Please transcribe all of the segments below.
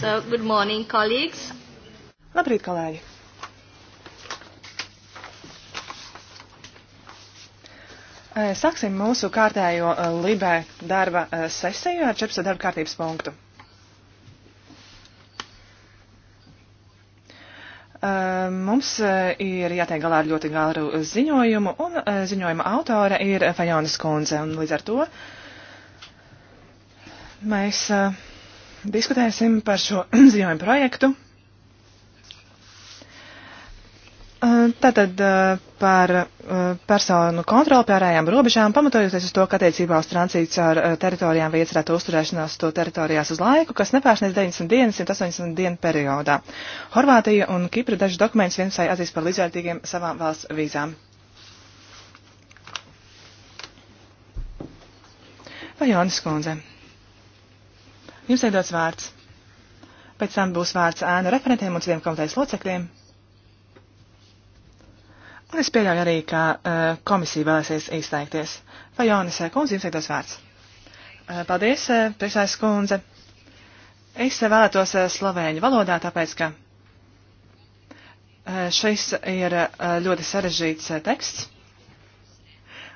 So, good morning, colleagues. Labrīt, kolēģi. Eh, sāksim mūsu kārtējo eh, libē darba eh, sesiju ar 14 darba kārtības punktu. Mums ir jātiek galā ar ļoti garu ziņojumu, un ziņojuma autore ir Fajonas kundze, un līdz ar to mēs diskutēsim par šo ziņojumu projektu. Tātad par personu kontroli pārējām robežām, pamatojoties uz to, ka attiecībā uz transīts ar teritorijām vai iecerēto uzturēšanās to teritorijās uz laiku, kas nepārsniedz 90 dienas 180 dienu periodā. Horvātija un Kipra dažus dokumentus vienusai atzīst par līdzvērtīgiem savām valsts vīzām. Vajonis Kundze. Jums ir dots vārds. Pēc tam būs vārds ēnu referentiem un citiem komitejas locekļiem. Un es pieļauju arī, ka uh, komisija vēlēsies izteikties. Fajonis uh, kundze, jums ir dots vārds. Uh, paldies, uh, priekšsājas kundze. Es uh, vēlētos uh, slovēņu valodā, tāpēc, ka uh, šis ir uh, ļoti sarežģīts uh, teksts.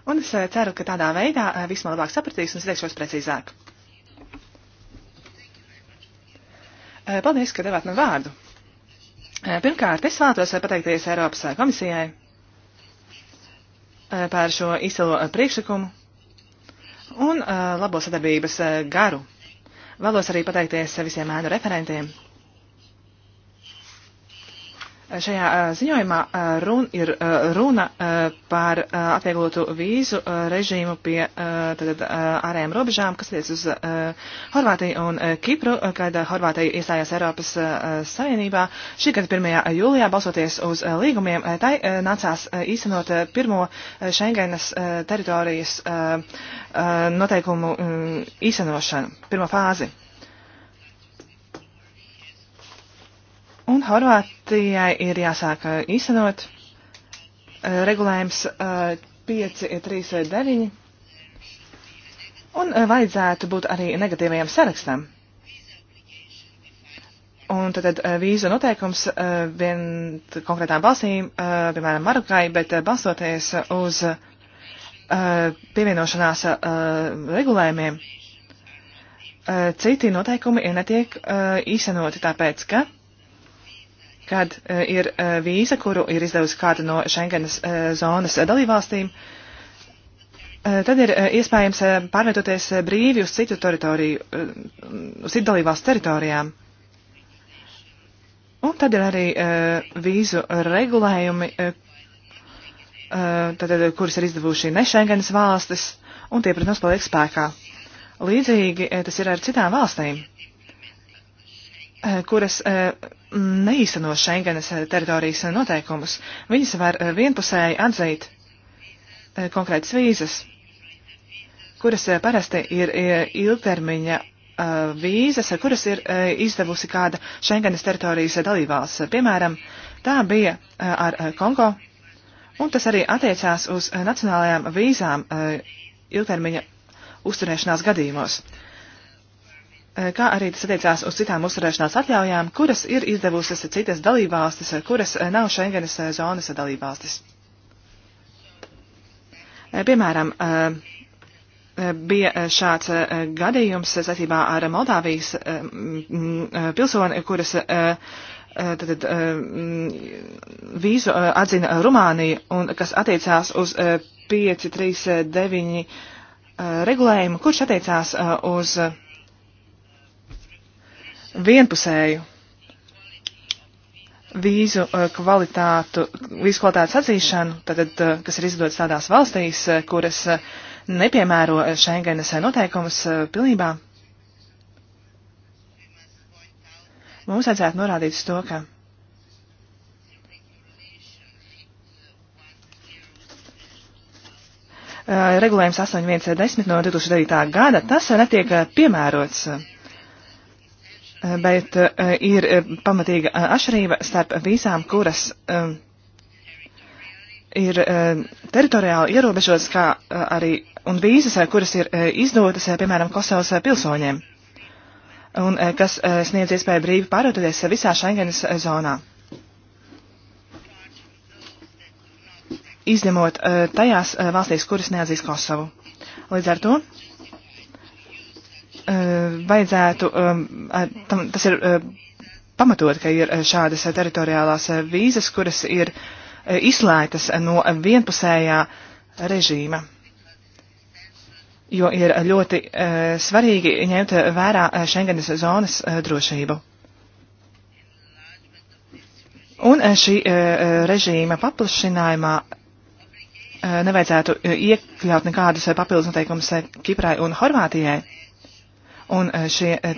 Un es uh, ceru, ka tādā veidā uh, vismaz labāk sapratīs un izteikšos precīzāk. Uh, Eh, paldies, ka devāt man vārdu. Eh, pirmkārt, es vēlētos eh, pateikties Eiropas komisijai par šo izcilo priekšlikumu un labo sadarbības garu. Vēlos arī pateikties visiem ēnu referentiem Šajā ziņojumā run, ir runa par atvieglotu vīzu režīmu pie tad, ārējām robežām, kas liec uz Horvātiju un Kipru, kad Horvātija iestājās Eiropas Savienībā. Šī gada 1. jūlijā, balsoties uz līgumiem, tai nācās īstenot pirmo Schengenas teritorijas noteikumu īstenošanu, pirmo fāzi. Un Horvātijai ir jāsāk īstenot regulējums 5.3.9. Un vajadzētu būt arī negatīvajam sarakstam. Un tad, tad vīzu noteikums vien konkrētām valstīm, piemēram, Marokai, bet balstoties uz pievienošanās regulējumiem, citi noteikumi netiek īstenoti tāpēc, ka kad eh, ir eh, vīza, kuru ir izdevusi kāda no Schengenas eh, zonas dalībvalstīm, tad ir iespējams pārvietoties brīvi uz citu teritoriju, uz citu dalībvalstu teritorijām. Un tad ir arī vīzu regulējumi, tad, kuras ir izdevuši ne Schengenas valstis, un tie, protams, paliek spēkā. Līdzīgi tas ir ar citām valstīm. Eh, kuras eh, neīsteno Schengenes eh, teritorijas noteikumus. Viņas var vienpusēji atzīt konkrētas vīzas, kuras parasti ir ilgtermiņa vīzas, kuras ir izdevusi kāda Schengenes teritorijas dalībvalsts. Piemēram, tā bija ar Kongo, un tas arī attiecās uz nacionālajām vīzām ilgtermiņa uzturēšanās gadījumos. Uh, Eh, kā arī tas attiecās uz citām uzturēšanās atļaujām, kuras ir izdevusies citas dalībvalstis, eh, kuras eh, nav Schengenas zonas dalībvalstis. Piemēram, bija šāds gadījums saistībā ar Moldāvijas pilsoni, kuras tad, vīzu atzina Rumānija un kas attiecās uz 539 regulējumu, kurš attiecās uz vienpusēju vīzu eh, kvalitātu, vīzu kvalitātes atzīšanu, tad, eh, kas ir izdodas tādās valstīs, eh, kuras nepiemēro Schengenes noteikumus pilnībā. Mums vajadzētu norādīt uz to, ka regulējums 8.1.10 no 2009. gada tas netiek piemērots Eh, bet eh, ir eh, pamatīga atšķirība starp vīzām, kuras ir teritoriāli ierobežotas, kā arī un vīzas, kuras ir izdotas, piemēram, Kosovas pilsoņiem, un kas sniedz iespēju brīvi pārvietoties visā Schengenas zonā. Izņemot tajās valstīs, kuras neatzīst Kosovu. Līdz ar to Eh, vajadzētu, tam, tas ir eh, pamatot, ka ir eh, šādas teritoriālās vīzas, kuras ir izslēgtas no vienpusējā režīma. Jo ir ļoti svarīgi ņemt vērā Schengenes zonas drošību. Un šī režīma paplašinājumā nevajadzētu iekļaut nekādus papildus noteikumus Kiprai un Horvātijai Un eh, šie eh,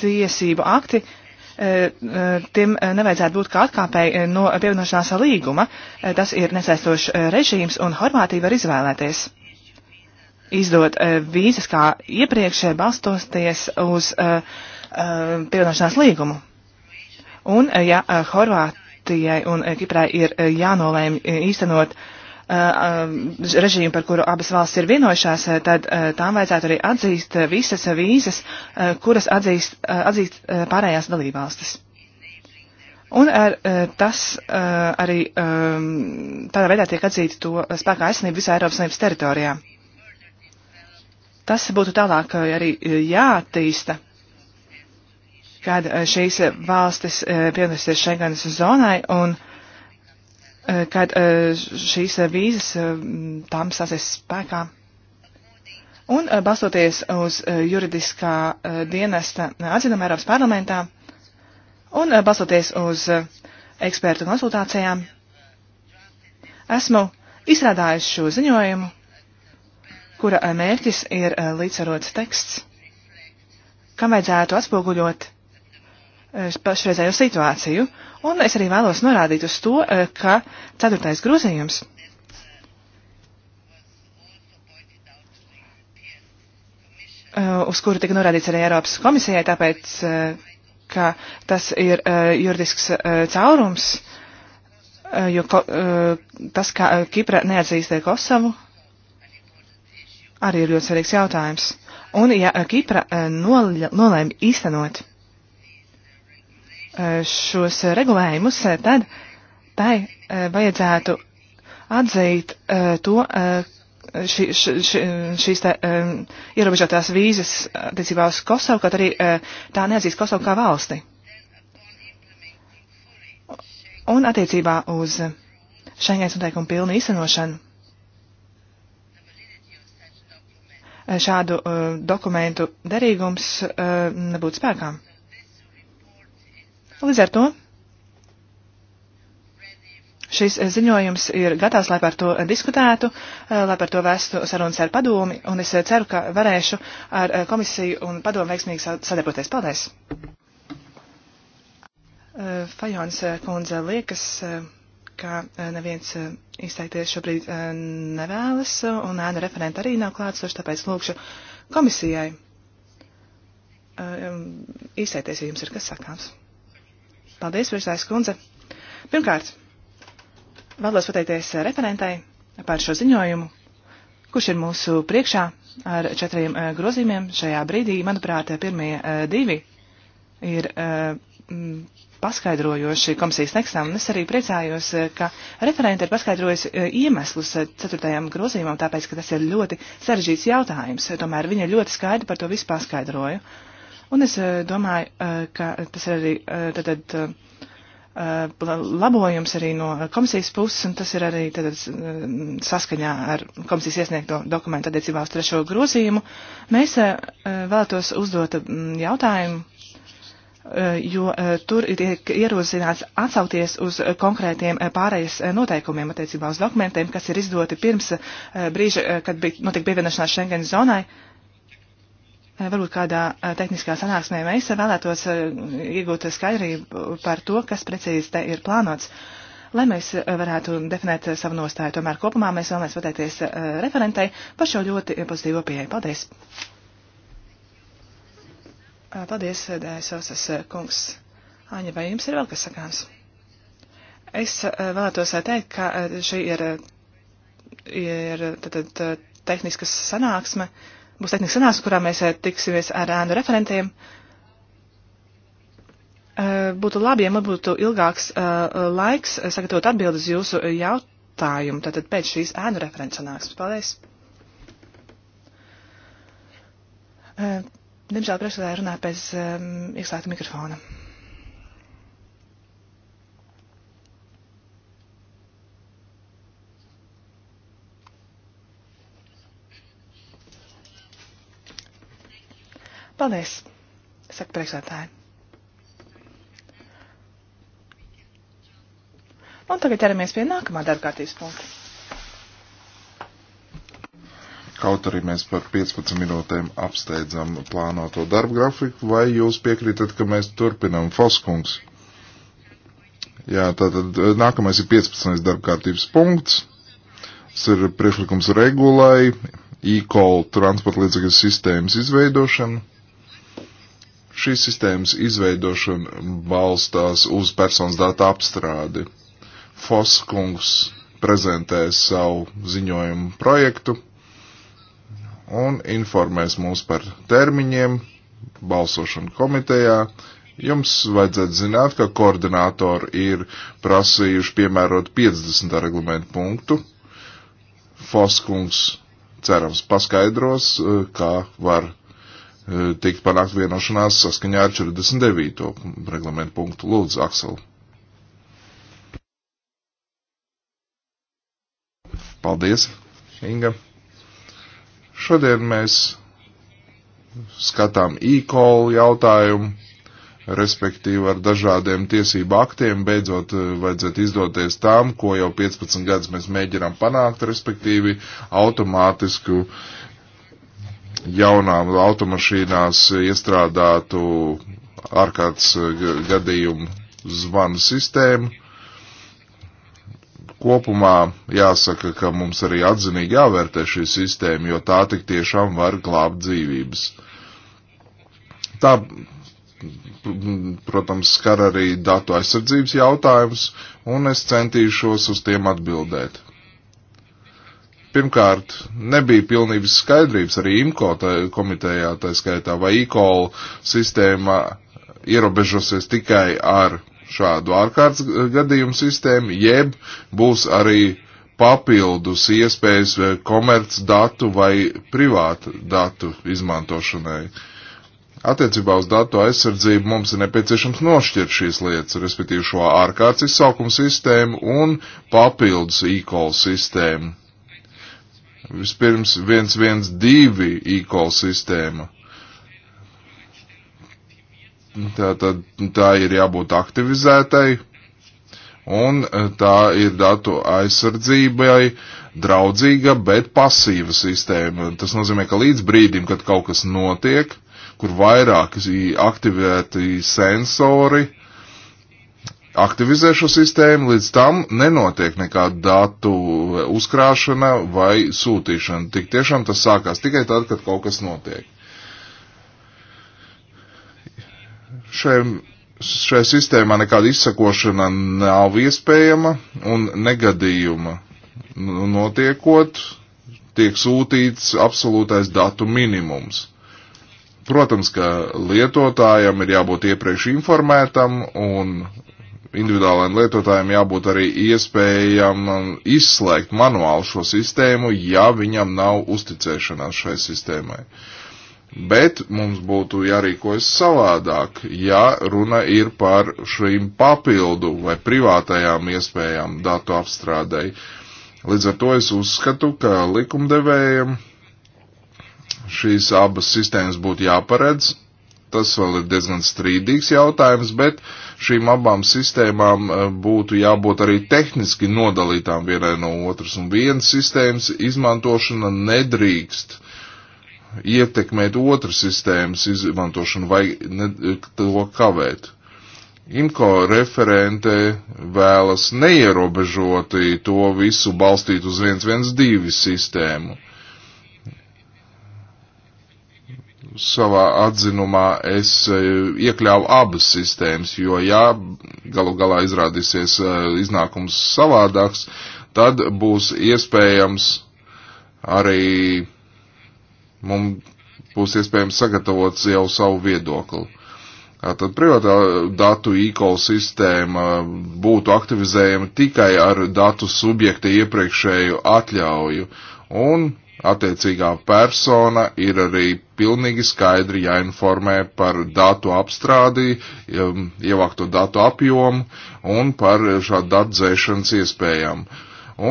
tiesību akti eh, tiem nevajadzētu būt kā atkāpēji no pievienošanās līguma. Tas ir nesaistošs režīms, un Horvātija var izvēlēties izdot vīzas kā iepriekš balstoties uz pievienošanās līgumu. Un, ja Horvātijai un Kiprai ir jānolēm īstenot uh, Uh, režīmu, par kuru abas valsts ir vienojušās, uh, tad uh, tām vajadzētu arī atzīst visas vīzas, kuras atzīst, atzīst pārējās dalībvalstis. Un ar, tas arī um, tādā veidā tiek atzīta to spēkā aizsnība visā Eiropas Savienības teritorijā. Tas būtu tālāk arī jātīsta kad šīs valstis pievienosies Schengenas zonai un uh, Eh, kad eh, šīs eh, vīzas tām stāsies spēkā. Un balstoties uz juridiskā dienesta atzinumu Eiropas parlamentā un balstoties uz ekspertu konsultācijām, esmu izstrādājis šo ziņojumu, kura mērķis ir līdzsvarots teksts, kam vajadzētu atspoguļot pašreizējo situāciju Un es arī vēlos norādīt uz to, eh, ka ceturtais grozījums eh, uz kuru tika norādīts arī Eiropas komisijai, tāpēc, eh, ka tas ir juridisks caurums, jo tas, kā Kipra neatzīstē Kosovu, arī ir ļoti svarīgs jautājums. Un ja Kipra nolēma īstenot Eh, šos regulējumus, eh, tad tai eh, vajadzētu atzīt to, Ši, ši, ši, šīs tā, um, ierobežotās vīzas attiecībā uz Kosovu, kaut arī uh, tā neatzīst Kosovu kā valsti. Un attiecībā uz Šengens noteikumu pilnu īstenošanu šādu uh, dokumentu derīgums uh, nebūtu spēkām. Līdz ar to šis eh, ziņojums ir gatavs, lai par to eh, diskutētu, eh, lai par to vēstu sarunas ar padomi, un es ceru, ka varēšu ar komisiju un padomu veiksmīgi sadarboties. Paldies! Fajons kundze liekas, ka neviens izteikties šobrīd nevēlas, un ēna referenta arī nav klātsoši, tāpēc lūkšu komisijai izteikties, ja jums ir kas sakāms. Paldies, virsājas kundze. Pirmkārt, vēlos pateikties referentai par šo ziņojumu, kurš ir mūsu priekšā ar četriem eh, grozījumiem. Šajā brīdī, manuprāt, pirmie eh, divi ir eh, paskaidrojoši komisijas tekstam, un es arī priecājos, ka referenti ir paskaidrojusi iemeslus ceturtajam grozījumam, tāpēc, ka tas ir ļoti sarežģīts jautājums. Tomēr viņa ļoti skaidri par to visu paskaidroja. Un es eh, domāju, eh, ka tas ir arī tātad eh, labojums arī no komisijas puses, un tas ir arī tātad mm, saskaņā ar komisijas iesniegto dokumentu attiecībā uz trešo grozījumu. Mēs vēlētos uzdot mm, jautājumu, jo tur ir ierosināts atsaukties uz konkrētiem pārējas noteikumiem attiecībā uz dokumentiem, kas ir izdoti pirms brīža, kad bija notika pievienošanās Schengen zonai Eh, varbūt kādā eh, tehniskā sanāksmē mēs vēlētos eh, iegūt skaidrību par to, kas precīzi te ir plānots, lai mēs varētu definēt savu nostāju. Tomēr kopumā mēs vēlamies pateikties referentei par šo ļoti pozitīvo pieeju. Paldies! Paldies, Dēsosas kungs. Āņa, vai jums ir vēl kas sakāms? Es vēlētos teikt, ka šī ir, ir tad, tad, tehniskas sanāksme. Uh, būs tehnikas sanās, kurā mēs eh, tiksimies ar ēnu referentiem. Eh, būtu labi, ja man būtu ilgāks eh, laiks sagatavot atbildes jūsu jautājumu, tātad pēc šīs ēnu referents sanāks. Paldies! Diemžēl priekšsēdē runā pēc um, ieslēgta mikrofona. Paldies, saka priekšsētāji. Un tagad ķeramies pie nākamā darbkārtības punkta kaut arī mēs par 15 minūtēm apsteidzam plānoto darbu grafiku, vai jūs piekrītat, ka mēs turpinam Foskungs? Jā, tātad eh, nākamais ir 15. darba kārtības punkts. Tas ir priekšlikums regulai, e-call transporta līdzekļu sistēmas izveidošana. Šīs sistēmas izveidošana balstās uz personas datu apstrādi. Foskungs prezentēs savu ziņojumu projektu un informēs mūs par termiņiem, balsošanu komitejā, Jums vajadzētu zināt, ka koordinātori ir prasījuši piemērot 50 reglamentu punktu. Foskungs cerams paskaidros, eh, kā var tikt panākt vienošanās saskaņā ar 49. reglamentu punktu. Lūdzu, Aksel. Paldies, Inga. Šodien mēs skatām e-call jautājumu, respektīvi ar dažādiem tiesību aktiem, beidzot eh, vajadzētu izdoties tām, ko jau 15 gadus mēs mēģinām panākt, respektīvi automātisku uh, jaunām automašīnās iestrādātu ārkārtas eh, gadījumu zvanu sistēmu. Kopumā jāsaka, ka mums arī atzinīgi jāvērtē šī sistēma, jo tā tik tiešām var glābt dzīvības. Tā, protams, skar arī datu aizsardzības jautājums, un es centīšos uz tiem atbildēt pirmkārt, nebija pilnības skaidrības arī IMCO tā, komitejā, tā skaitā, vai ICOL sistēma ierobežosies tikai ar šādu ārkārtas gadījumu sistēmu, jeb būs arī papildus iespējas eh, komerc datu vai privātu datu izmantošanai. Attiecībā uz datu aizsardzību mums ir nepieciešams nošķirt šīs lietas, respektīvi šo ārkārtas izsaukuma sistēmu un papildus e-call sistēmu Vispirms 112 e-call sistēma. Tā, tā, tā ir jābūt aktivizētai, un e, tā ir datu aizsardzībai draudzīga, bet pasīva sistēma. Tas nozīmē, ka līdz brīdim, kad kaut kas notiek, kur vairāk aktivēti sensori, uh, aktivizē šo sistēmu, līdz tam nenotiek nekāda datu uzkrāšana vai sūtīšana. Tik tiešām tas sākās tikai tad, kad kaut kas notiek. Šajam šajā sistēmā nekāda izsakošana nav iespējama un negadījuma notiekot, tiek sūtīts absolūtais datu minimums. Protams, ka lietotājam ir jābūt iepriekš informētam un individuālajiem lietotājiem jābūt arī iespējam um, izslēgt manuāli šo sistēmu, ja viņam nav uzticēšanās šai sistēmai. Bet mums būtu jārīkojas savādāk, ja runa ir par šīm papildu vai privātajām iespējām datu apstrādēji. Līdz ar to es uzskatu, ka likumdevējiem šīs abas sistēmas būtu jāparedz Tas vēl ir diezgan strīdīgs jautājums, bet šīm abām sistēmām eh, būtu jābūt arī tehniski nodalītām vienai no otras, un vienas sistēmas izmantošana nedrīkst ietekmēt otras sistēmas izmantošanu vai ne, to kavēt. IMCO referente vēlas neierobežoti to visu balstīt uz 112 sistēmu. savā atzinumā es e, iekļāvu abas sistēmas, jo ja galu galā izrādīsies e, iznākums savādāks, tad būs iespējams arī mums būs iespējams sagatavot jau savu viedokli. Tad privātā datu e-call sistēma būtu aktivizējama tikai ar datu subjekta iepriekšēju atļauju. Un attiecīgā persona ir arī pilnīgi skaidri jāinformē par datu apstrādi, um, ievākto datu apjomu un par šādu datu dzēšanas iespējām.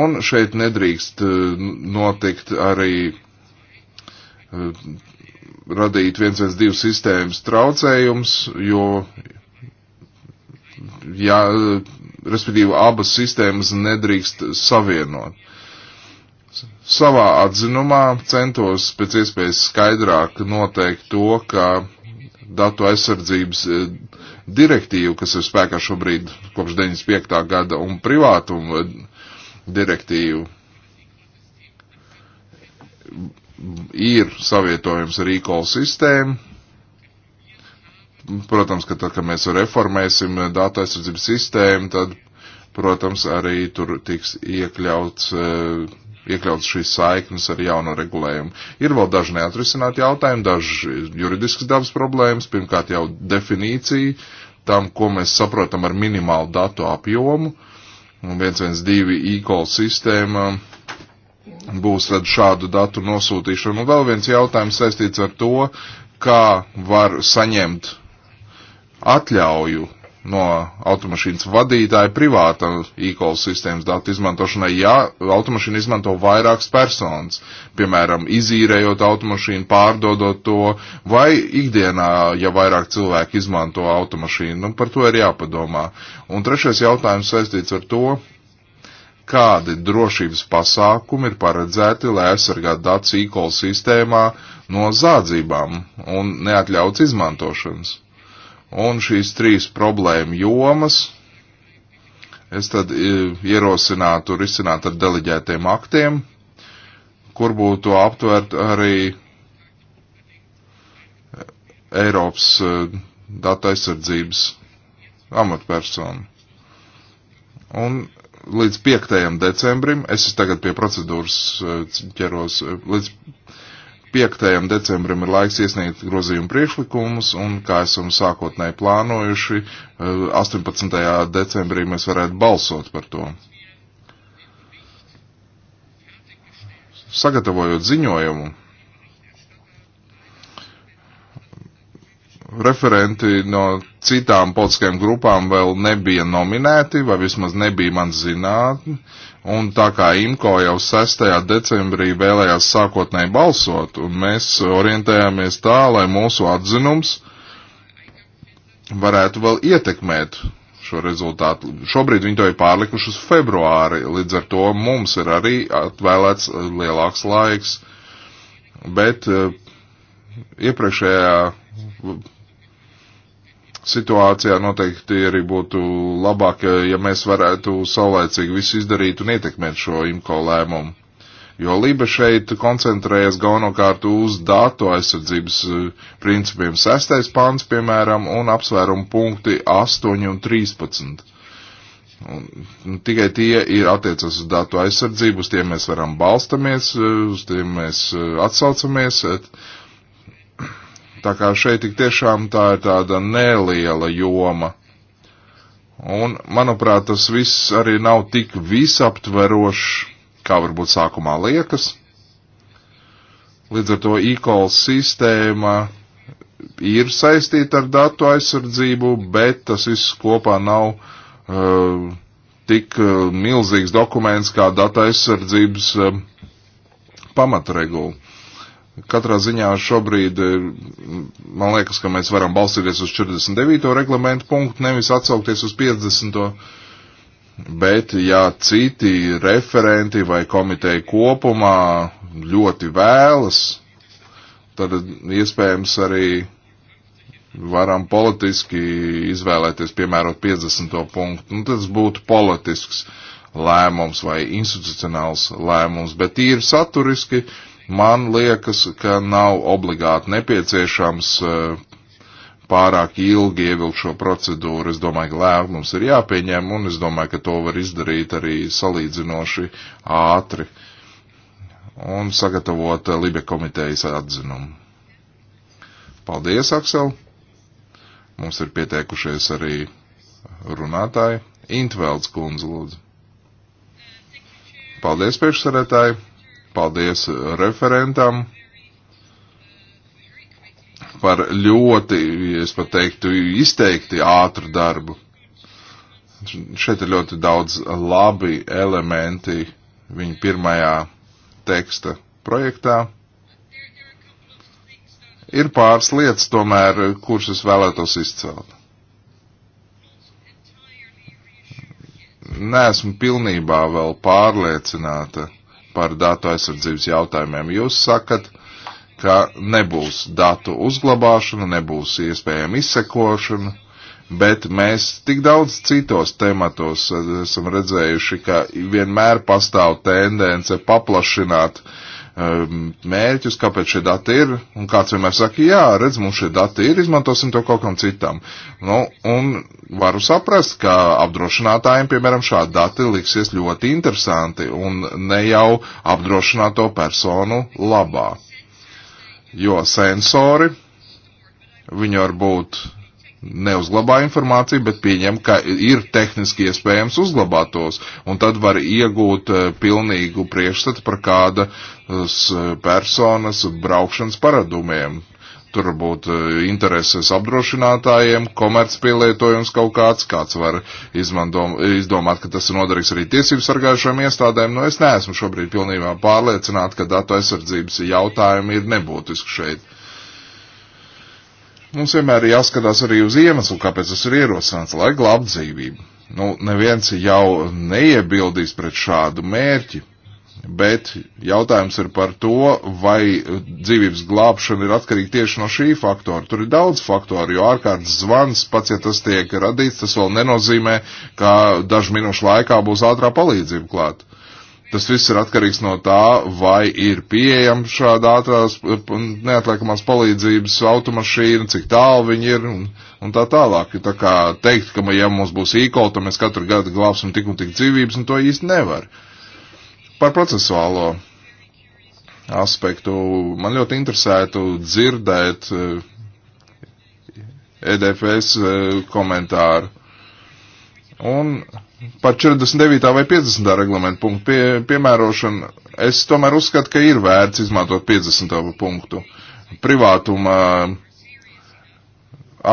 Un šeit nedrīkst uh, notikt arī uh, radīt 112 sistēmas traucējums, jo, ja, uh, respektīvi, abas sistēmas nedrīkst savienot savā atzinumā centos pēc iespējas skaidrāk noteikt to, ka datu aizsardzības e, direktīvu, kas ir spēkā šobrīd kopš 95. gada, un privātumu direktīvu ir savietojums ar e-call sistēmu. Protams, ka tad, kad mēs reformēsim datu aizsardzības sistēmu, tad, protams, arī tur tiks iekļauts uh, iekļauts šīs saiknes ar jauno regulējumu. Ir vēl daži neatrisināti jautājumi, daži juridiskas dabas problēmas, pirmkārt jau definīcija tam, ko mēs saprotam ar minimālu datu apjomu. 112 e-call sistēma būs tad šādu datu nosūtīšana. Un vēl viens jautājums saistīts ar to, kā var saņemt atļauju no automašīnas vadītāja privāta e-call sistēmas datu izmantošanai, ja automašīna izmanto vairākas personas, piemēram, izīrējot automašīnu, pārdodot to, vai ikdienā, ja vairāk cilvēki izmanto automašīnu, nu, par to ir jāpadomā. Un trešais jautājums saistīts ar to, kādi drošības pasākumi ir paredzēti, lai aizsargātu datus e-call sistēmā no zādzībām un neatļauts izmantošanas. Un šīs trīs problēma jomas es tad e, ierosinātu risināt ar deleģētiem aktiem, kur būtu aptvert arī e, Eiropas e, data aizsardzības amatpersonu. Un līdz 5. decembrim, es tagad pie procedūras ķeros, līdz 5. decembrim ir laiks iesniegt grozījumu priekšlikumus, un, kā esam sākotnēji plānojuši, 18. Eh, decembrī mēs varētu balsot par to. Sagatavojot ziņojumu, referenti no citām politiskajām grupām vēl nebija nominēti, vai vismaz nebija man zinātni, un tā kā IMCO jau 6. decembrī vēlējās sākotnēji balsot, un mēs orientējāmies tā, lai mūsu atzinums varētu vēl ietekmēt šo rezultātu. Šobrīd viņi to ir pārlikuši uz februāri, līdz ar to mums ir arī atvēlēts lielāks laiks. Bet eh, iepriekšējā situācijā noteikti arī būtu labāk, ja mēs varētu saulēcīgi visu izdarīt un ietekmēt šo IMCO lēmumu. Jo Liba šeit koncentrējas galvenokārt uz datu aizsardzības eh, principiem 6. pāns, piemēram, un apsvērumu punkti 8 un 13. Un tikai tie ir attiecas uz datu aizsardzību, uz tiem mēs varam balstamies, eh, uz tiem mēs eh, atsaucamies. Et, Tā kā šeit tik tiešām tā ir tāda neliela joma. Un, manuprāt, tas viss arī nav tik visaptverošs, kā varbūt sākumā liekas. Līdz ar to e-call sistēma ir saistīta ar datu aizsardzību, bet tas viss kopā nav uh, tik uh, milzīgs dokuments kā datu aizsardzības uh, pamatregula. Katrā ziņā šobrīd eh, man liekas, ka mēs varam balstīties uz 49. reglamentu punktu, nevis atsaukties uz 50. Bet, ja citi referenti vai komiteja kopumā ļoti vēlas, tad iespējams arī varam politiski izvēlēties piemērot 50. punktu. Nu, tas būtu politisks lēmums vai institucionāls lēmums, bet tīri saturiski. Uh, Man liekas, ka nav obligāti nepieciešams eh, pārāk ilgi ievilkt šo procedūru. Es domāju, ka lēmums ir jāpieņem, un es domāju, ka to var izdarīt arī salīdzinoši ātri un sagatavot eh, Libe komitejas atzinumu. Paldies, Aksel! Mums ir pieteikušies arī runātāji. Intvelds kundze, lūdzu. Paldies, priekšsarētāji! Paldies uh, referentam par ļoti, es pat teiktu, izteikti ātru darbu. Šeit ir ļoti daudz labi elementi viņa pirmajā teksta projektā. Ir pāris lietas tomēr, kuras es vēlētos izcelt. Nesmu pilnībā vēl pārliecināta par datu aizsardzības jautājumiem. Jūs sakat, ka nebūs datu uzglabāšana, nebūs iespējama izsekošana, bet mēs tik daudz citos tematos eh, esam redzējuši, ka vienmēr pastāv tendence paplašināt uh, Ehm, mērķus, kāpēc šie dati ir, un kāds vienmēr saka, jā, redz, mums šie dati ir, izmantosim to kaut kam citam. Nu, un varu saprast, ka apdrošinātājiem, piemēram, šādi dati liksies ļoti interesanti un ne jau apdrošināto personu labā. Jo sensori, viņi var būt neuzglabā informāciju, bet pieņem, ka ir tehniski iespējams uzglabāt tos, un tad var iegūt eh, pilnīgu priekšstatu par kādas eh, personas braukšanas paradumiem. Tur būtu eh, intereses apdrošinātājiem, komercpielietojums kaut kāds, kāds var izmandom, izdomāt, ka tas ir noderīgs arī tiesību sargājušajām iestādēm. Nu, es neesmu šobrīd pilnībā pārliecināts, ka datu aizsardzības jautājumi ir nebūtiski šeit. Mums vienmēr ir jāskatās arī uz iemeslu, kāpēc tas ir ierosināts, lai glābtu dzīvību. Nu, neviens jau neiebildīs pret šādu mērķi, bet jautājums ir par to, vai dzīvības glābšana ir atkarīga tieši no šī faktora. Tur ir daudz faktoru, jo ārkārtas zvans, pats ja tas tiek radīts, tas vēl nenozīmē, ka dažu minūšu laikā būs ātrā palīdzība klāta. Tas viss ir atkarīgs no tā, vai ir pieejama šāda ātrās neatliekamās palīdzības automašīna, cik tālu viņi ir un, un tā tālāk. Tā kā teikt, ka, ja mums būs īkola, tad mēs katru gadu glābsim tik un tik dzīvības, un to īsti nevar. Par procesuālo aspektu man ļoti interesētu dzirdēt EDFS eh, e eh, komentāru. Un par 49. vai 50. reglamentu punktu pie, piemērošanu, es tomēr uzskatu, ka ir vērts izmantot 50. punktu. Privātuma eh,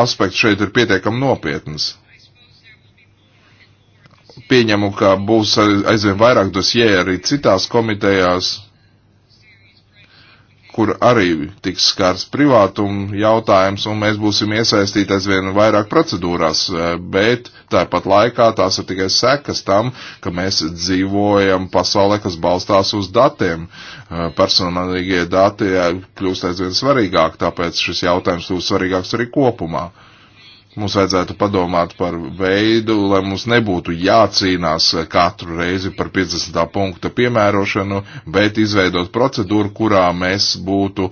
aspekts šeit ir pietiekami nopietns. Pieņemu, ka būs aizvien vairāk dosjē arī citās komitejās kur arī tiks skārs privātuma jautājums, un mēs būsim iesaistīti aizvien vairāk procedūrās, eh, bet tāpat laikā tās ir tikai sekas tam, ka mēs dzīvojam pasaulē, kas balstās uz datiem. Eh, personīgie dati eh, kļūst aizvien svarīgāk, tāpēc šis jautājums kļūst svarīgāks arī kopumā. Mums vajadzētu padomāt par veidu, lai mums nebūtu jācīnās katru reizi par 50. punkta piemērošanu, bet izveidot procedūru, kurā mēs būtu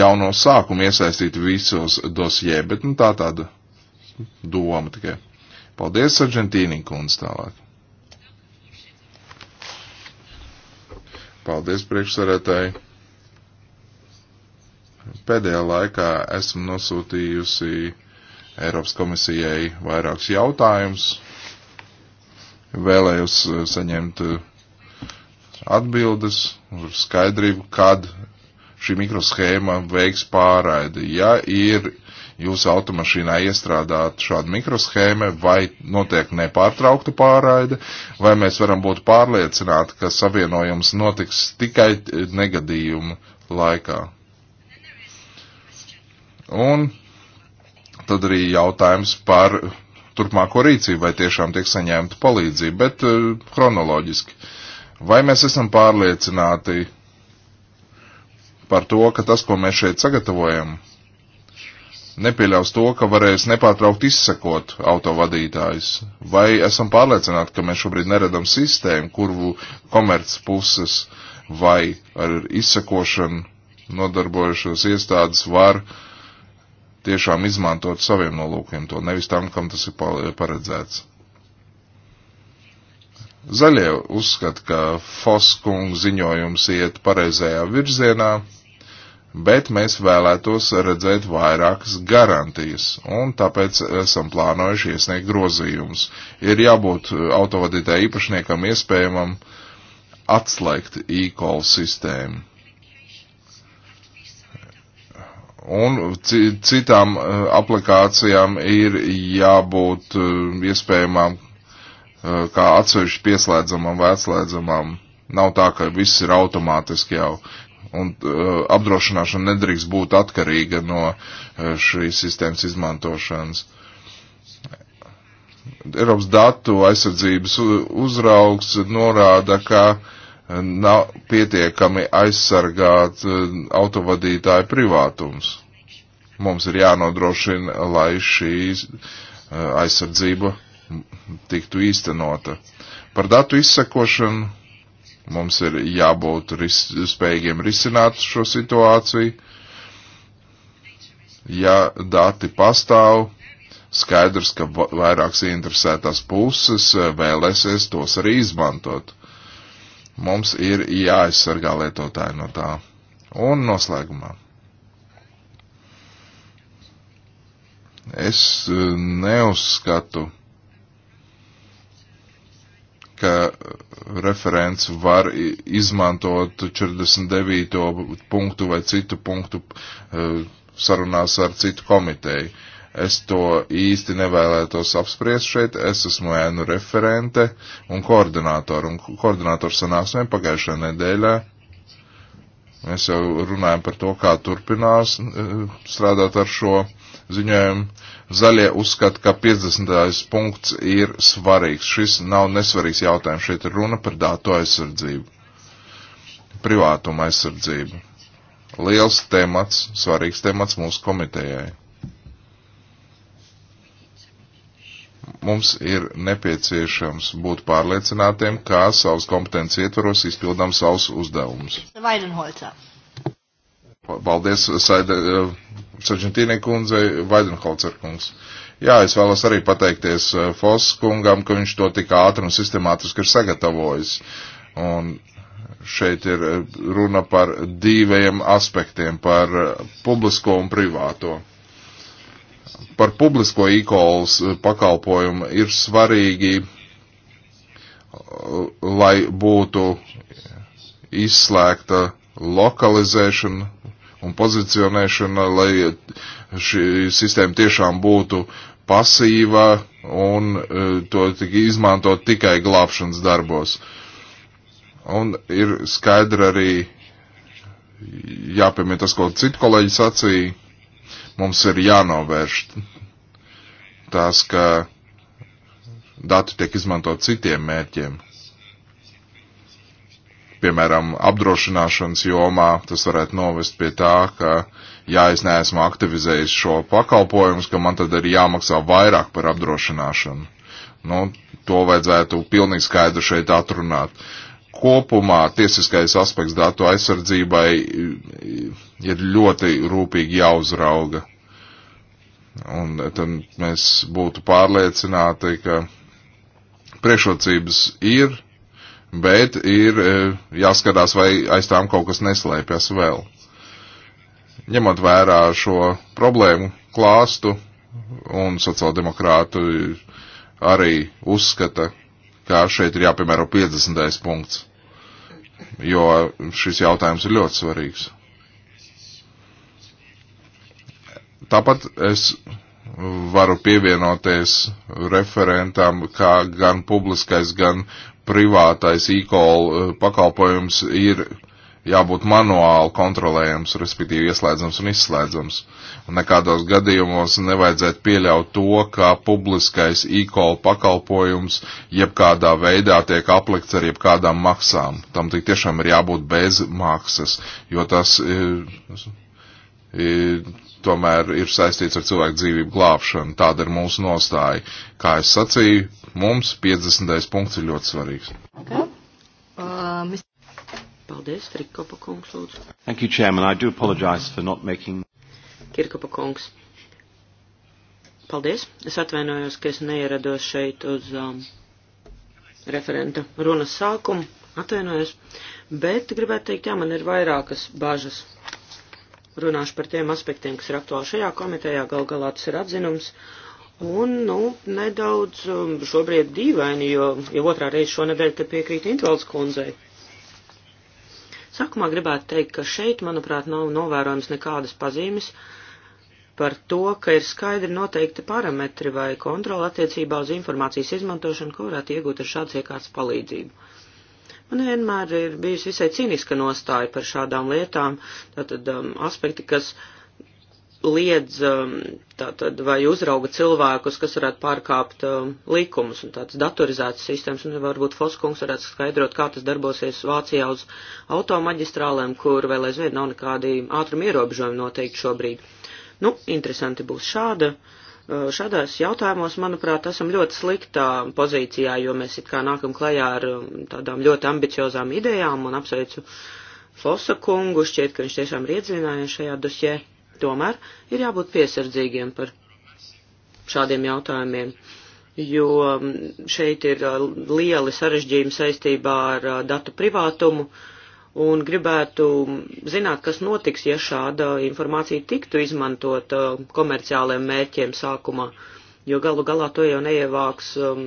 jau no sākuma iesaistīti visos dosjē. Bet nu, tā tāda doma tikai. Paldies, Sargentīni kundze, tālāk. Paldies, priekšsarētāji. Pēdējā laikā esmu nosūtījusi Eiropas komisijai vairākus jautājumus. Vēlējos eh, saņemt eh, atbildes, skaidrību, kad šī mikroshēma veiks pārraidi. Ja ir jūsu automašīnā iestrādāt šādu mikroshēmu, vai notiek nepārtraukta pārraide, vai mēs varam būt pārliecināti, ka savienojums notiks tikai eh, negadījumu laikā. Un tad arī jautājums par turpmāko rīcību, vai tiešām tiek saņemta palīdzība, bet kronoloģiski. Eh, vai mēs esam pārliecināti par to, ka tas, ko mēs šeit sagatavojam, nepieļaus to, ka varēs nepārtraukt izsekot autovadītājus? Vai esam pārliecināti, ka mēs šobrīd neredam sistēmu, kuru komerc puses vai ar izsekošanu nodarbojušos iestādes var uh, tiešām izmantot saviem nolūkiem to, nevis tam, kam tas ir paredzēts. Zaļie uzskata, ka Foskunga ziņojums iet pareizajā virzienā, bet mēs vēlētos redzēt vairākas garantijas, un tāpēc esam plānojuši iesniegt grozījumus. Ir jābūt autovadītāja īpašniekam iespējamam atslēgt e-call sistēmu Un citām eh, aplikācijām ir jābūt eh, iespējamām eh, kā atsevišķi pieslēdzamām vai atslēdzamām. Nav tā, ka viss ir automātiski jau. Un apdrošināšana nedrīkst būt atkarīga no šīs sistēmas izmantošanas. Eiropas datu aizsardzības uzraugs norāda, ka uh, nav pietiekami aizsargāt eh, autovadītāju privātums. Mums ir jānodrošina, lai šī eh, aizsardzība tiktu īstenota. Par datu izsakošanu mums ir jābūt ris spējīgiem risināt šo situāciju. Ja dati pastāv, skaidrs, ka vairākas interesētās puses eh, vēlēsies tos arī izmantot. Mums ir jāaizsargā lietotāji no tā. Un noslēgumā. Es eh, neuzskatu, ka eh, referents var izmantot 49. punktu vai citu punktu eh, sarunās ar citu komiteju. Es to īsti nevēlētos apspriest šeit. Es esmu ēnu referente un koordinātori. Un koordinātori sanāksmēm pagājušajā nedēļā. Mēs jau runājam par to, kā turpinās eh, strādāt ar šo ziņojumu. Zaļie uzskata, ka 50. punkts ir svarīgs. Šis nav nesvarīgs jautājums. Šeit ir runa par datu aizsardzību. Privātuma aizsardzību. Liels temats, svarīgs temats mūsu komitejai. mums ir nepieciešams būt pārliecinātiem, kā savas kompetences ietvaros izpildām savus uzdevumus. Paldies, Saida eh, Sargentīnai kundzei, Vaidenholzer kungs. Jā, es vēlos arī pateikties eh, Foss kungam, ka viņš to tik ātri un sistemātiski ir sagatavojis. Un šeit ir eh, runa par diviem aspektiem, par publisko un privāto par publisko e-calls eh, pakalpojumu ir svarīgi, eh, lai būtu izslēgta lokalizēšana un pozicionēšana, lai šī sistēma tiešām būtu pasīva un eh, to tika izmantot tikai glābšanas darbos. Un ir skaidri arī jāpiemina tas, ko citu kolēģi sacīja, Mums ir jānovērš tās, ka dati tiek izmantot citiem mērķiem. Piemēram, apdrošināšanas jomā tas varētu novest pie tā, ka, ja es neesmu aktivizējis šo pakalpojumu, ka man tad ir jāmaksā vairāk par apdrošināšanu. Nu, to vajadzētu pilnīgi skaidru šeit atrunāt. Uh, kopumā tiesiskais aspekts datu aizsardzībai eh, ir ļoti rūpīgi jāuzrauga. Un tad mēs būtu pārliecināti, ka priekšrocības ir, bet ir eh, jāskatās, vai aiz tām kaut kas neslēpjas vēl. Ņemot vērā šo problēmu klāstu un sociāldemokrātu arī uzskata, kā šeit ir jāpiemēro 50. punkts, jo šis jautājums ir ļoti svarīgs. Tāpat es varu pievienoties referentam, kā gan publiskais, gan privātais e-call eh, pakalpojums ir jābūt manuāli kontrolējams, respektīvi ieslēdzams un izslēdzams. Un nekādos gadījumos nevajadzētu pieļaut to, ka publiskais e-call pakalpojums jebkādā veidā tiek aplikts ar jebkādām maksām. Tam tik tiešām ir jābūt bez maksas, jo tas ir, e, ir, e, tomēr ir saistīts ar cilvēku dzīvību glābšanu. Tāda ir mūsu nostāja. Kā es sacīju, mums 50. punkts ir ļoti svarīgs. Okay. Uh, mis... Paldies, Trikopa kungs, lūdzu. Thank you, Chairman. I do apologize for not making. Kirkopa kungs. Paldies. Es atvainojos, ka es neierados šeit uz um, referenta runas sākumu. Atvainojos. Bet gribētu teikt, jā, man ir vairākas bažas. Runāšu par tiem aspektiem, kas ir aktuāli šajā komitejā. Gal galā tas ir atzinums. Un, nu, nedaudz um, šobrīd dīvaini, jo jau otrā reize šonadēļ te piekrīt Intvalds kundzei. Sākumā gribētu teikt, ka šeit, manuprāt, nav novērojams nekādas pazīmes par to, ka ir skaidri noteikti parametri vai kontrola attiecībā uz informācijas izmantošanu, ko varētu iegūt ar šādas iekārtas palīdzību. Man vienmēr ir bijusi visai cīniska nostāja par šādām lietām, tātad um, aspekti, kas uh, liedz um, tātad, vai uzrauga cilvēkus, kas varētu pārkāpt um, likumus un tādas datorizētas sistēmas, un varbūt Foskungs varētu skaidrot, kā tas darbosies Vācijā uz automaģistrālēm, kur vēl aizvien nav nekādi ātruma ierobežojumi noteikti šobrīd. Nu, interesanti būs šāda. Uh, šādās jautājumos, manuprāt, esam ļoti sliktā pozīcijā, jo mēs it kā nākam klajā ar um, tādām ļoti ambiciozām idejām un apsveicu Fosa kungu, šķiet, ka viņš tiešām ir iedzinājies šajā dosjē. Tomēr ir jābūt piesardzīgiem par šādiem jautājumiem, jo mm, šeit ir lieli sarežģījumi saistībā ar datu privātumu un gribētu mm, zināt, kas notiks, ja šāda informācija tiktu izmantot komerciāliem mērķiem sākumā, jo galu galā to jau neievāks um,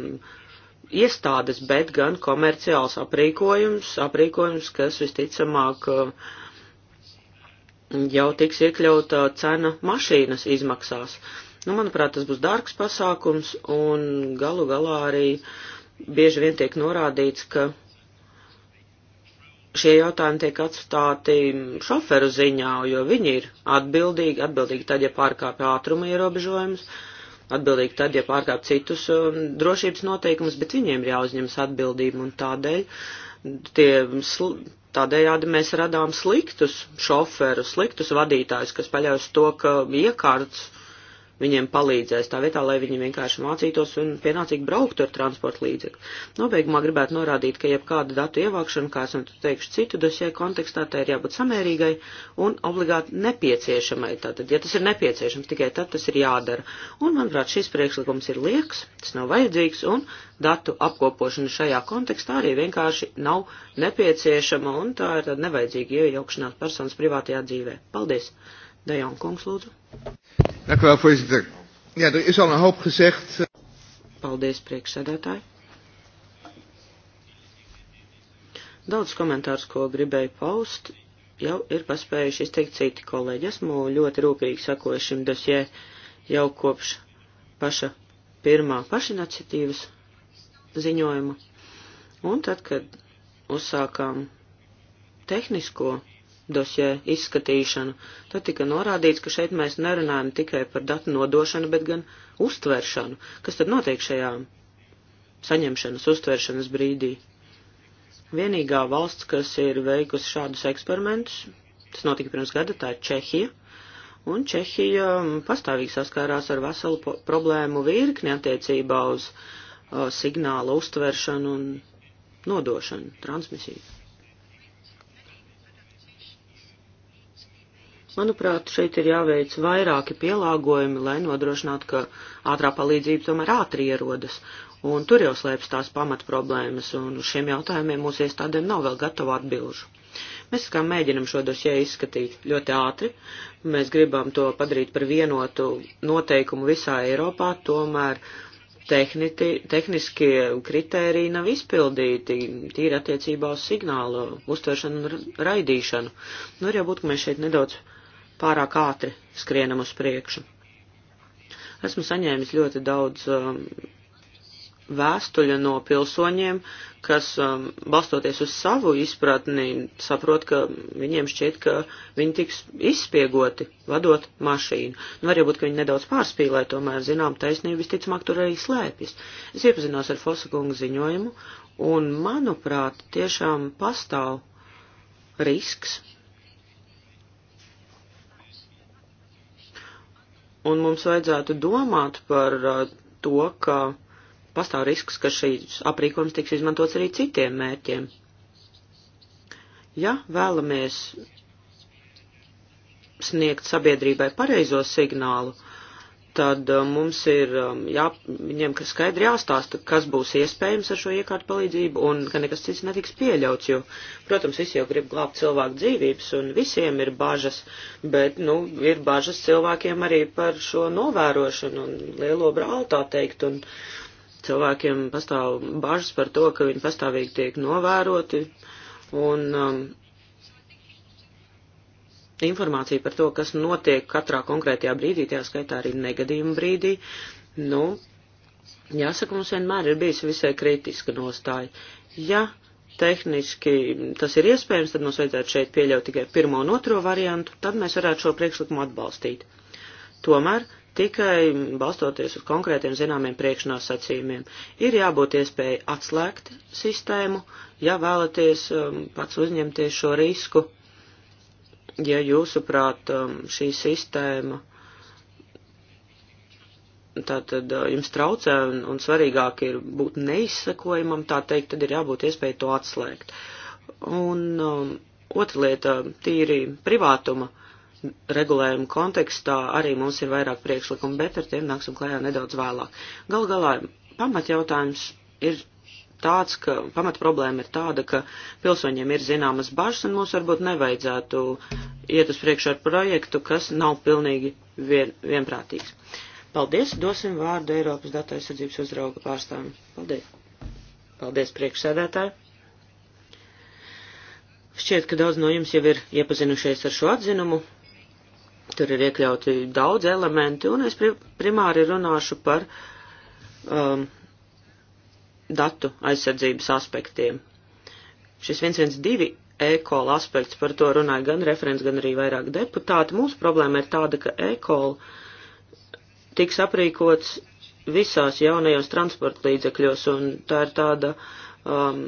iestādes, bet gan komerciāls aprīkojums, aprīkojums, kas visticamāk uh, jau tiks iekļauta cena mašīnas izmaksās. Nu, manuprāt, tas būs dārgs pasākums, un galu galā arī bieži vien tiek norādīts, ka šie jautājumi tiek atstāti šoferu ziņā, jo viņi ir atbildīgi, atbildīgi tad, ja pārkāpja ātruma ierobežojumus, atbildīgi tad, ja pārkāpja citus um, drošības noteikumus, bet viņiem ir jāuzņemas atbildība, un tādēļ tie sl Tādējādi mēs radām sliktus šoferus, sliktus vadītājus, kas paļaujas to, ka iekārts viņiem palīdzēs, tā vietā, lai viņi vienkārši mācītos un pienācīgi brauktu ar transporta līdzekli. Nobeigumā gribētu norādīt, ka jebkāda datu ievākšana, kā esam teikuši citu dosie kontekstā, tā ir jābūt samērīgai un obligāti nepieciešamai. Tātad, ja tas ir nepieciešams, tikai tad tas ir jādara. Un, manuprāt, šis priekšlikums ir lieks, tas nav vajadzīgs un datu apkopošana šajā kontekstā arī vienkārši nav nepieciešama un tā ir tāda nevajadzīga iejaukšanās personas privātajā dzīvē. Paldies! Dajon Kungs, lūdzu. Dank u wel, voorzitter. Ja, er is al een hoop gezegd. Eh. Paldies, priekšsēdētāji. Daudz komentārus, ko gribēju paust, jau ir paspējuši izteikt citi kolēģi. Esmu ļoti rūpīgi sakoju šim dosjē jau kopš paša pirmā pašinaciatīvas ziņojuma. Un tad, kad uzsākām tehnisko dosie izskatīšanu, tad tika norādīts, ka šeit mēs nerunājam tikai par datu nodošanu, bet gan uztveršanu, kas tad notiek šajā saņemšanas, uztveršanas brīdī. Vienīgā valsts, kas ir veikusi šādus eksperimentus, tas notika pirms gada, tā ir Čehija, un Čehija mm, pastāvīgi saskārās ar veselu problēmu virkni attiecībā uz uh, signāla uztveršanu un nodošanu, transmisiju. Manuprāt, šeit ir jāveic vairāki pielāgojumi, lai nodrošinātu, ka ātrā palīdzība tomēr ātri ierodas. Un tur jau slēpjas tās pamat problēmas, un uz šiem jautājumiem mūsu iestādēm nav vēl gatava atbilžu. Mēs kā mēģinam šo dosē izskatīt ļoti ātri, mēs gribam to padarīt par vienotu noteikumu visā Eiropā, tomēr tehniti, tehniskie kritēriji nav izpildīti, tīri attiecībā uz signālu uztveršanu un raidīšanu. Nu, var jau būt, ka mēs šeit nedaudz pārāk ātri skrienam uz priekšu. Esmu saņēmis ļoti daudz um, vēstuļa no pilsoņiem, kas, um, balstoties uz savu izpratni, saprot, ka viņiem šķiet, ka viņi tiks izspiegoti, vadot mašīnu. Nu, var jau būt, ka viņi nedaudz pārspīlē, tomēr, zinām, taisnība visticamāk tur arī slēpjas. Es iepazinos ar Fosakunga ziņojumu, un, manuprāt, tiešām pastāv risks, un mums vajadzētu domāt par uh, to, ka pastāv risks, ka šīs aprīkojums tiks izmantots arī citiem mērķiem. Ja vēlamies sniegt sabiedrībai pareizo signālu, tad uh, mums ir um, jā, viņiem skaidri jāstāsta, kas būs iespējams ar šo iekārtu palīdzību un ka nekas cits netiks pieļauts, jo, protams, visi jau grib glābt cilvēku dzīvības un visiem ir bažas, bet, nu, ir bažas cilvēkiem arī par šo novērošanu un lielo brāli tā teikt, un cilvēkiem pastāv bažas par to, ka viņi pastāvīgi tiek novēroti un um, informāciju par to, kas notiek katrā konkrētajā brīdī, tajā skaitā arī negadījuma brīdī, nu, jāsaka, mums vienmēr ir bijis visai kritiska nostāja. Ja tehniski tas ir iespējams, tad mums vajadzētu šeit pieļaut tikai pirmo un otro variantu, tad mēs varētu šo priekšlikumu atbalstīt. Tomēr tikai balstoties uz konkrētiem zināmiem priekšnosacījumiem. Ir jābūt iespēja atslēgt sistēmu, ja vēlaties um, pats uzņemties šo risku ja jūsuprāt um, šī sistēma tātad uh, jums traucē un, un svarīgāk ir būt neizsakojumam, tā teikt, tad ir jābūt iespēju to atslēgt. Un um, otra lieta, tīri privātuma regulējuma kontekstā arī mums ir vairāk priekšlikumu, bet ar tiem nāksim klajā nedaudz vēlāk. Gal galā pamatjautājums ir tāds, ka pamat problēma ir tāda, ka pilsoņiem ir zināmas bažas un mums varbūt nevajadzētu iet uz priekšu ar projektu, kas nav pilnīgi vien, vienprātīgs. Paldies, dosim vārdu Eiropas datu aizsardzības uzrauga pārstāvim. Paldies. Paldies, priekšsēdētāji. Šķiet, ka daudz no jums jau ir iepazinušies ar šo atzinumu. Tur ir iekļauti daudz elementi, un es primāri runāšu par um, datu aizsardzības aspektiem. Šis 112 e-kola aspekts, par to runāja gan referents, gan arī vairāk deputāti. Mūsu problēma ir tāda, ka e-kola tiks aprīkots visās jaunajos transporta līdzekļos, un tā ir tāda um,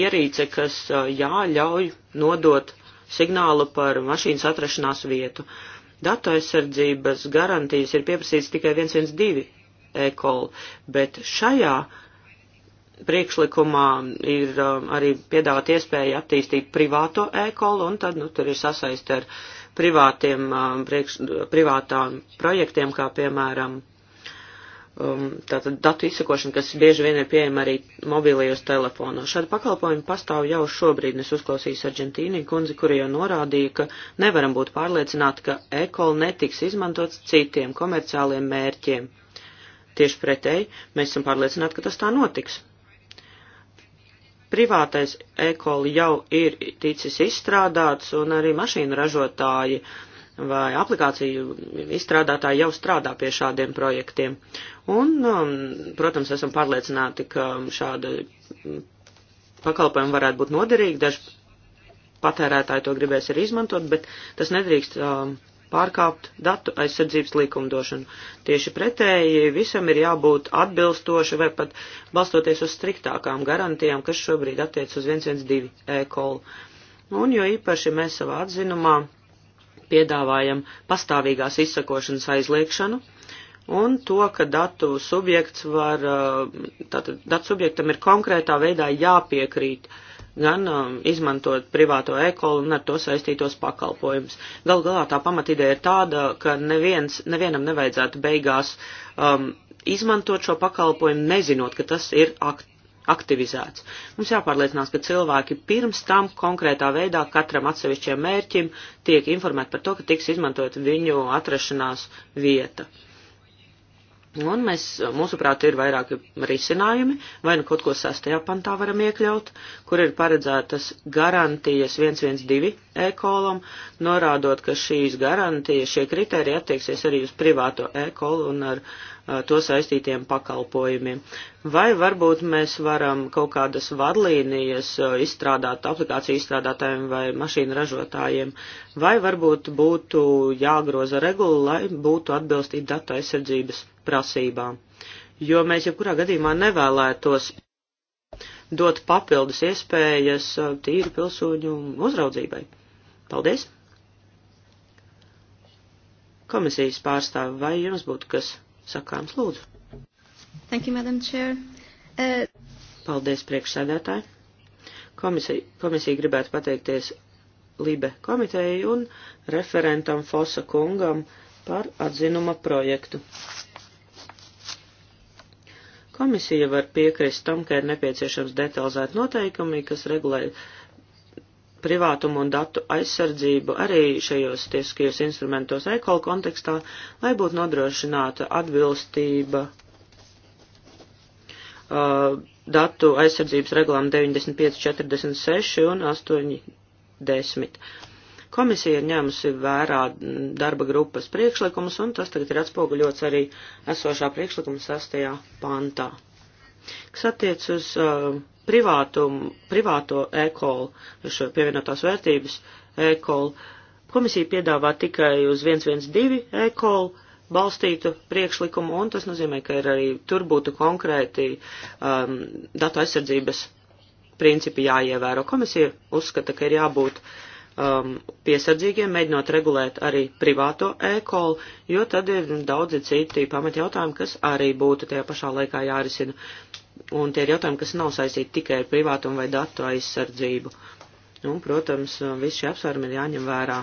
ierīce, kas uh, jāļauj nodot signālu par mašīnas atrašanās vietu. Datu aizsardzības garantijas ir pieprasīts tikai 112 e-kola, bet šajā uh, priekšlikumā ir um, arī piedāvāt iespēju attīstīt privāto ekolu, un tad, nu, tur ir sasaist ar privātiem, um, priekš, privātām projektiem, kā piemēram, um, tātad datu izsakošana, kas bieži vien ir pieejama arī mobilajos telefonos. Šādi pakalpojumi pastāv jau šobrīd, es uzklausīju Sargentīni kundzi, kura jau norādīja, ka nevaram būt pārliecināti, ka ekol netiks izmantots citiem komerciāliem mērķiem. Tieši pretēji, mēs esam pārliecināti, ka tas tā notiks. Privātais ekoli jau ir ticis izstrādāts un arī mašīnu ražotāji vai aplikāciju izstrādātāji jau strādā pie šādiem projektiem. Un, um, protams, esam pārliecināti, ka šāda pakalpojuma varētu būt noderīga, daži patērētāji to gribēs arī izmantot, bet tas nedrīkst uh, pārkāpt datu aizsardzības likumdošanu. Tieši pretēji visam ir jābūt atbilstoši vai pat balstoties uz striktākām garantijām, kas šobrīd attiec uz 112 e-kolu. Un jo īpaši mēs savā atzinumā piedāvājam pastāvīgās izsakošanas aizliekšanu un to, ka datu subjekts var, uh, tātad datu subjektam ir konkrētā veidā jāpiekrīt uh, gan um, izmantot privāto ekolu un ar to saistītos pakalpojumus. Gal galā tā pamatideja ir tāda, ka neviens, nevienam nevajadzētu beigās um, izmantot šo pakalpojumu, nezinot, ka tas ir akt aktivizēts. Mums jāpārliecinās, ka cilvēki pirms tam konkrētā veidā katram atsevišķiem mērķim tiek informēti par to, ka tiks izmantot viņu atrašanās vieta. Uh, Un mēs, mūsuprāt, ir vairāki risinājumi, vai nu kaut ko sastajā pantā varam iekļaut, kur ir paredzētas garantijas 112 e-kolam, norādot, ka šīs garantijas, šie kriteriji attieksies arī uz privāto e-kolu un ar uh, to saistītiem pakalpojumiem. Vai varbūt mēs varam kaut kādas vadlīnijas uh, izstrādāt aplikāciju izstrādātājiem vai mašīnu ražotājiem, vai varbūt būtu jāgroza regula, lai būtu atbilstīt datu aizsardzības prasībām, jo mēs jebkurā gadījumā nevēlētos dot papildus iespējas uh, tīru pilsoņu uzraudzībai. Paldies! Komisijas pārstāvi, vai jums būtu kas sakāms lūdzu? Thank you, Madam Chair. Uh... Paldies, priekšsēdētāji. Komisija, komisija gribētu pateikties Libe komiteju un referentam Fosa kungam par atzinuma projektu. Komisija var piekrist tam, ka ir nepieciešams detalizēt noteikumi, kas regulē privātumu un datu aizsardzību arī šajos tiesiskajos instrumentos ekola kontekstā, lai būtu nodrošināta atbilstība uh, datu aizsardzības regulām 95.46 un 8.10. Komisija ir ņēmusi vērā darba grupas priekšlikumus, un tas tagad ir atspoguļots arī esošā priekšlikuma sastajā pantā. Kas attiec uz uh, privātum, privāto ekolu, šo pievienotās vērtības ekolu, komisija piedāvā tikai uz 112 ekolu balstītu priekšlikumu, un tas nozīmē, ka ir arī tur būtu konkrēti um, datu aizsardzības principi jāievēro. Komisija uzskata, ka ir jābūt uh, um, piesardzīgiem, mēģinot regulēt arī privāto e-kolu, jo tad ir daudzi citi pamatjautājumi, kas arī būtu tajā pašā laikā jārisina. Un tie ir jautājumi, kas nav saistīti tikai ar privātumu vai datu aizsardzību. Un, protams, um, visi šie apsvērumi ir jāņem vērā.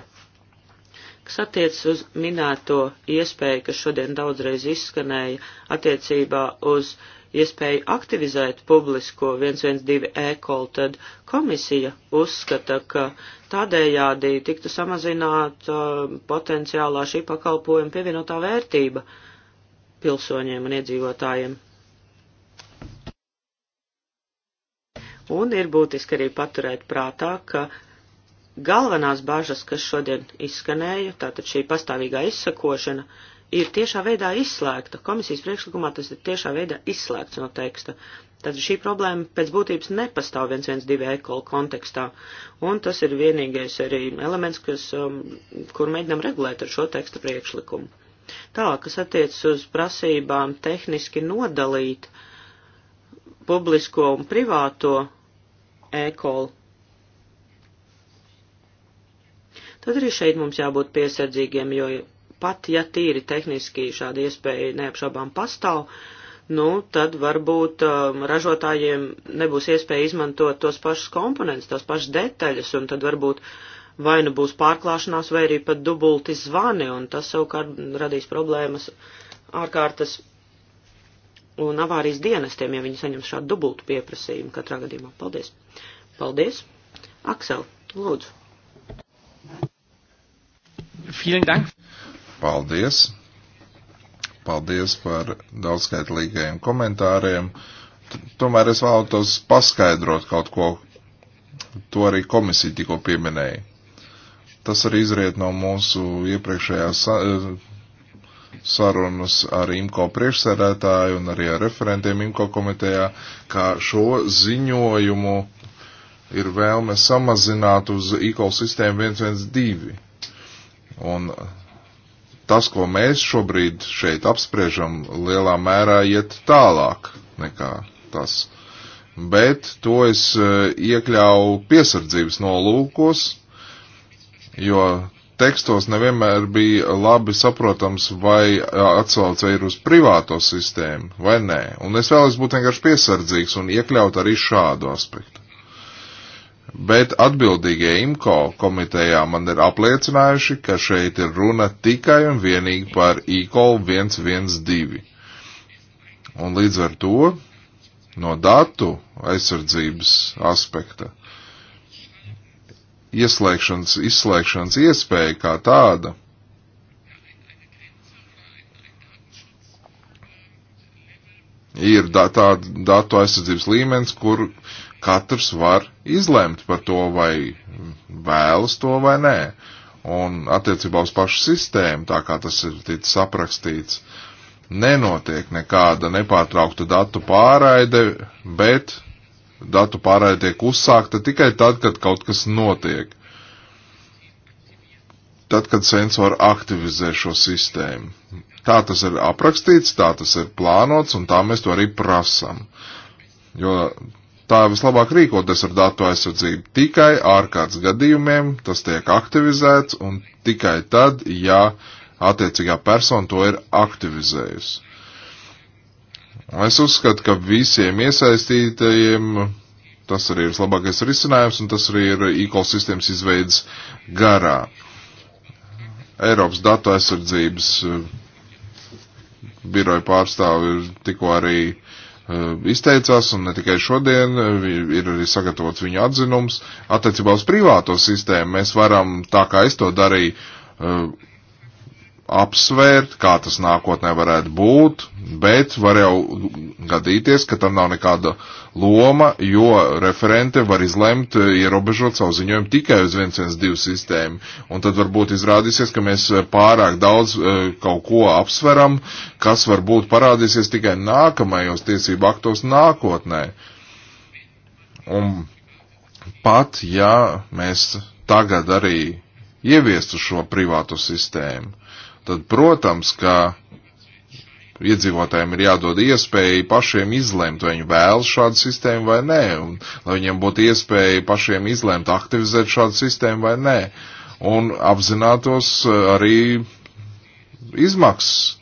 Kas attiecas uz minēto iespēju, kas šodien daudzreiz izskanēja attiecībā uz iespēju aktivizēt publisko 112 e-kolu, tad komisija uzskata, ka Tādējādi tiktu samazināt uh, potenciālā šī pakalpojuma pievienotā vērtība pilsoņiem un iedzīvotājiem. Un ir būtiski arī paturēt prātā, ka galvenās bažas, kas šodien izskanēja, tātad šī pastāvīgā izsakošana, uh, ir tiešā veidā izslēgta. Komisijas priekšlikumā tas ir tiešā veidā izslēgts no teksta. Tad šī problēma pēc būtības nepastāv 112 ekola kontekstā, un tas ir vienīgais arī elements, kas, um, kur mēģinam regulēt ar šo teksta priekšlikumu. Tālāk, kas attiecas uz prasībām tehniski nodalīt publisko un privāto ekolu tad arī šeit mums jābūt piesardzīgiem, jo pat ja tīri tehniski šāda iespēja neapšaubām pastāv, nu, tad varbūt um, ražotājiem nebūs iespēja izmantot tos pašus komponentus, tos pašus detaļas, un tad varbūt vai nu būs pārklāšanās, vai arī pat dubulti zvani, un tas savukārt radīs problēmas ārkārtas un avārijas dienestiem, ja viņi saņems šādu dubultu pieprasījumu katrā gadījumā. Paldies! Paldies! Aksel, lūdzu! Vielen Dank! Paldies! Paldies par daudzskaitlīgajiem komentāriem. Tomēr es vēlētos paskaidrot kaut ko, to arī komisija tikko pieminēja. Tas arī izriet no mūsu iepriekšējās sarunas ar IMCO priekšsēdētāju un arī ar referentiem IMCO komitejā, kā šo ziņojumu ir vēlme samazināt uz e-call sistēmu 112. Un tas, ko mēs šobrīd šeit apspriežam, lielā mērā iet tālāk nekā tas. Bet to es e, iekļauju piesardzības nolūkos, jo tekstos nevienmēr bija labi saprotams, vai e, atsauce ir uz privāto sistēmu vai nē. Un es vēlos būt vienkārši piesardzīgs un iekļaut arī šādu aspektu bet atbildīgie IMCO komitejā man ir apliecinājuši, ka šeit ir runa tikai un vienīgi par ICOL 112. Un līdz ar to no datu aizsardzības aspekta ieslēgšanas, izslēgšanas iespēja kā tāda ir da, tā datu aizsardzības līmenis, kur uh, katrs var izlemt par to, vai vēlas to vai nē. Un attiecībā uz pašu sistēmu, tā kā tas ir ticis aprakstīts, nenotiek nekāda nepārtraukta datu pārraide, bet datu pārraide tiek uzsākta tikai tad, kad kaut kas notiek. Tad, kad sensori aktivizē šo sistēmu. Tā tas ir aprakstīts, tā tas ir plānots, un tā mēs to arī prasam. Jo tā vislabāk rīkoties ar datu aizsardzību. Tikai ārkārtas gadījumiem tas tiek aktivizēts un tikai tad, ja attiecīgā persona to ir aktivizējusi. Es uzskatu, ka visiem iesaistītajiem tas arī ir vislabākais risinājums un tas arī ir ekosistēmas izveids garā. Eiropas datu aizsardzības eh, biroja pārstāvi tikko arī uh, Eh, izteicās, un ne tikai šodien, eh, ir arī sagatavots viņa atzinums. Attiecībā uz privāto sistēmu mēs varam, tā kā es to darīju, eh, apsvērt, kā tas nākotnē varētu būt, bet var jau gadīties, ka tam nav nekāda loma, jo referente var izlemt ierobežot savu ziņojumu tikai uz 112 sistēmu. Un tad varbūt izrādīsies, ka mēs pārāk daudz e, kaut ko apsveram, kas varbūt parādīsies tikai nākamajos tiesību aktos nākotnē. Un pat, ja mēs tagad arī ieviestu šo privātu sistēmu, tad, protams, ka iedzīvotājiem ir jādod iespēja pašiem izlemt, vai viņi vēlas šādu sistēmu vai nē, un lai viņiem būtu iespēja pašiem izlemt, aktivizēt šādu sistēmu vai nē, un apzinātos eh, arī izmaksas.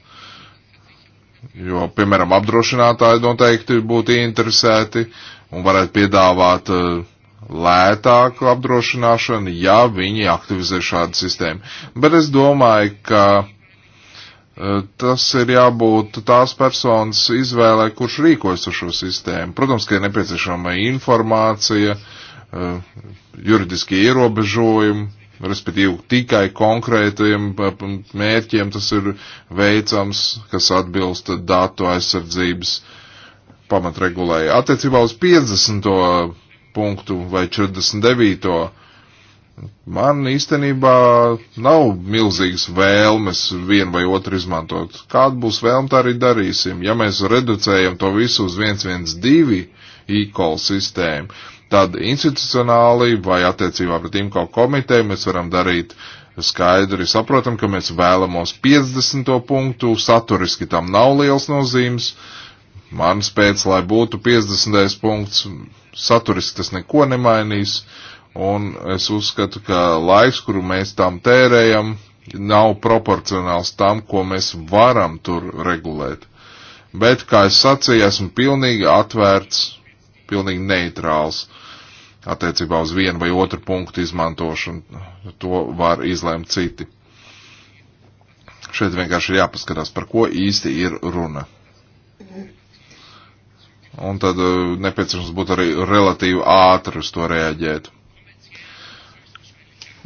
Jo, piemēram, apdrošinātāji noteikti būtu interesēti un varētu piedāvāt uh, lētāku apdrošināšanu, ja viņi aktivizē šādu sistēmu. Bet es domāju, ka e, tas ir jābūt tās personas izvēlē, kurš rīkojas ar šo sistēmu. Protams, ka ir nepieciešama informācija, e, juridiski ierobežojumi, respektīvi tikai konkrētajiem mērķiem tas ir veicams, kas atbilst datu aizsardzības pamatregulēja. Attiecībā uz 50 punktu vai 49. Man īstenībā nav milzīgas vēlmes vienu vai otru izmantot. Kāda būs vēlme, tā arī darīsim. Ja mēs reducējam to visu uz 112 e-call sistēmu, tad institucionāli vai attiecībā pret IMCO komiteju mēs varam darīt skaidri saprotam, ka mēs vēlamos 50. punktu, saturiski tam nav liels nozīmes. Mans pēc, lai būtu 50. punkts, saturiski tas neko nemainīs, un es uzskatu, ka laiks, kuru mēs tam tērējam, nav proporcionāls tam, ko mēs varam tur regulēt. Bet, kā es sacīju, esmu pilnīgi atvērts, pilnīgi neitrāls attiecībā uz vienu vai otru punktu izmantošanu. To var izlēmt citi. Šeit vienkārši ir jāpaskatās, par ko īsti ir runa. Mm-hmm un tad uh, nepieciešams būtu arī relatīvi ātri uz to reaģēt.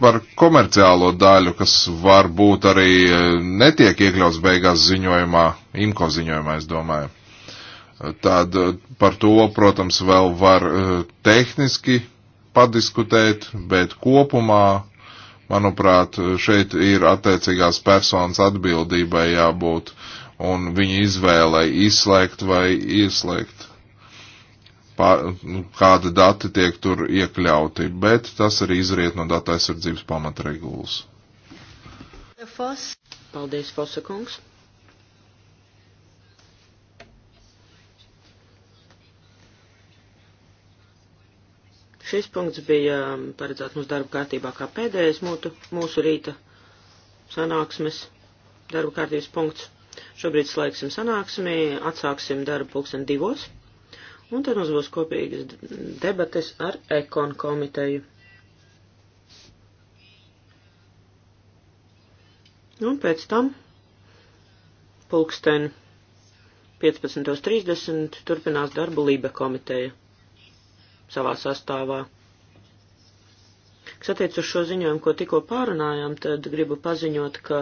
Par komerciālo daļu, kas varbūt arī uh, netiek iekļauts beigās ziņojumā, imko ziņojumā, es domāju. Uh, tad par to, protams, vēl var tehniski padiskutēt, bet kopumā, manuprāt, šeit ir attiecīgās personas atbildībai jābūt un viņa izvēlei izslēgt vai ieslēgt Nu, kāda dati tiek tur iekļauti, bet tas arī izriet no datu aizsardzības pamatregulas. Fos. Paldies, Fosa kungs. Šis punkts bija um, paredzēts mūsu darba kārtībā kā pēdējais mūtu, mūsu rīta sanāksmes darba kārtības punkts. Šobrīd slēgsim sanāksmi, atsāksim darbu pulksten divos. Un tad mums būs kopīgas debates ar ekonu komiteju. Un pēc tam pulksten 15.30 turpinās darbu Lībe komiteja savā sastāvā. Kas attiec uz šo ziņojumu, ko tikko pārunājām, tad gribu paziņot, ka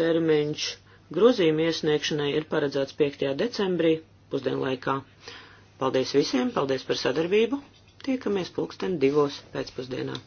termiņš grozījuma iesniegšanai ir paredzēts 5. decembrī pusdienlaikā. Paldies visiem, paldies par sadarbību. Tiekamies pulksten divos pēcpusdienā.